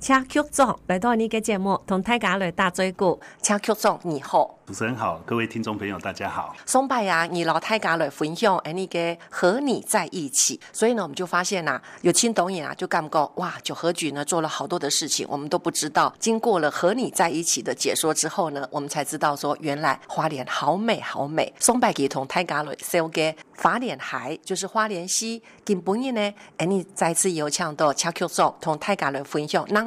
車曲作來到你的節目同泰嘎雷大追顧，車曲作你好。主持人好，各位聽眾朋友大家好。松柏啊，你老泰嘎雷分享你嘅和你在一起，所以呢我們就發現啦、啊，有聽懂人啊，就感覺，哇，九和舉呢做了好多的事情，我們都不知道。經過了和你在一起的解說之後呢，我們才知道說原來花蓮好美好美。松柏給同泰嘎雷 s e 嘅法蓮海，就是花蓮溪。根本嘅呢你再次有唱到車曲作同泰嘎雷分享。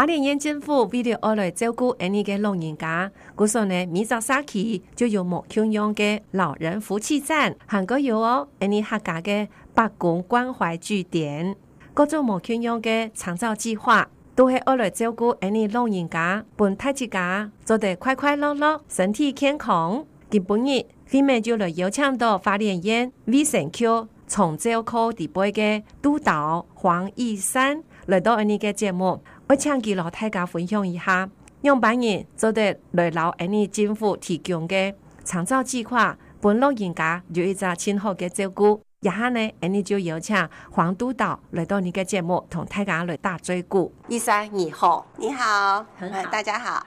法連延政府來為了我嚟照顧尼嘅老人家，故所呢，每早早起就有莫慶勇的老人扶起站，還有哦，尼客家的伯公關懷據點，各種莫慶勇的長壽計劃，都會我嚟照顧你老人家，本太極家做得快快樂樂，身體健康。今晡日飛們就來邀請到法連延 V s 區從州口支部嘅督導黃奕珊來到尼嘅節目。我請給老太家分享一下，讓本人做得內老，安尼政府提供嘅長壽計劃，本老人家有一個親和嘅照顧。然後呢，安尼就有請黃督導來到你嘅節目，同大家來打嘴鼓。醫生，你好，你好，很好，大家好。